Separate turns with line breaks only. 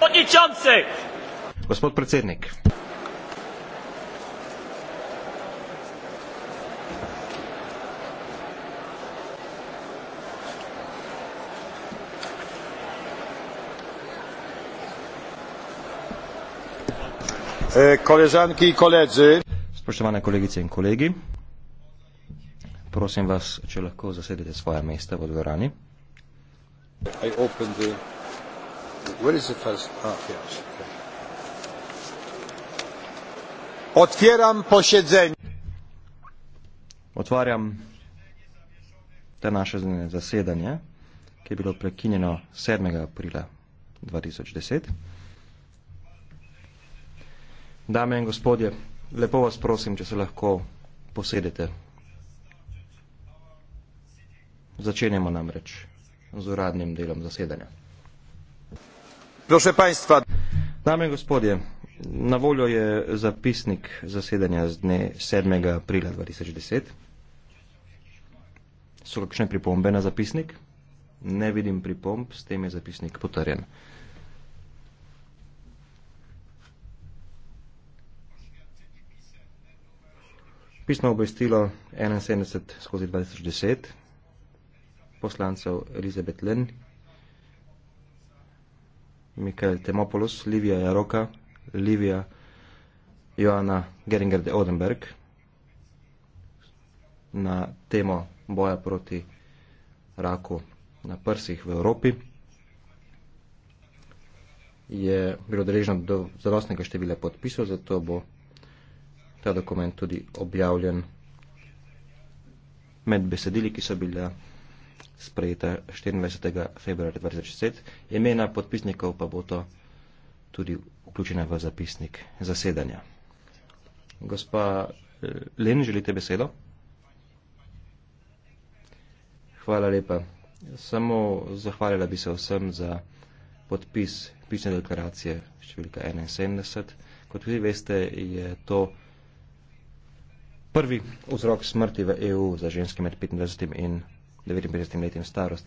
podničance. Gospod predsednik. E, Koležanki in koledzi. Spoštovane kolegice in kolegi, prosim vas, če lahko zasedete svoje mesta v dvorani. I open the Where is the first? Oh, yes. Otwieram posiedzenie. Otwieram te nasze zasiedanie, które było przekinjeno 7 aprila 2010. Dame in gospodje, lepo vas prosim, če se lahko posedete. Začenjamo namreč z uradnim delom zasedanja dame in gospodje na voljo je zapisnik zasedanja z dne sedem aprila dva tisoč deset so kakšne pripombe na zapisnik ne vidim pripomb s tem je zapisnik potrjen pisno obvestilo enainsedemdeset skozi dva tisoč deset poslancev elizabet len Mikael Temopoulos, Livia Jaroka, Livia Joana Geringer de Odenberg na temo boja proti raku na prsih v Evropi je bilo deležno do zadostnega števila podpisov, zato bo ta dokument tudi objavljen med besedili, ki so bile sprejeta 24. februarja 2010. Imena podpisnikov pa bo to tudi vključena v zapisnik zasedanja. Gospa eh, Len, želite besedo? Hvala lepa. Samo zahvalila bi se vsem za podpis pisne deklaracije številka 71. Kot vi veste, je to prvi vzrok smrti v EU za ženske med 25 in da vidim pri tem letim starost.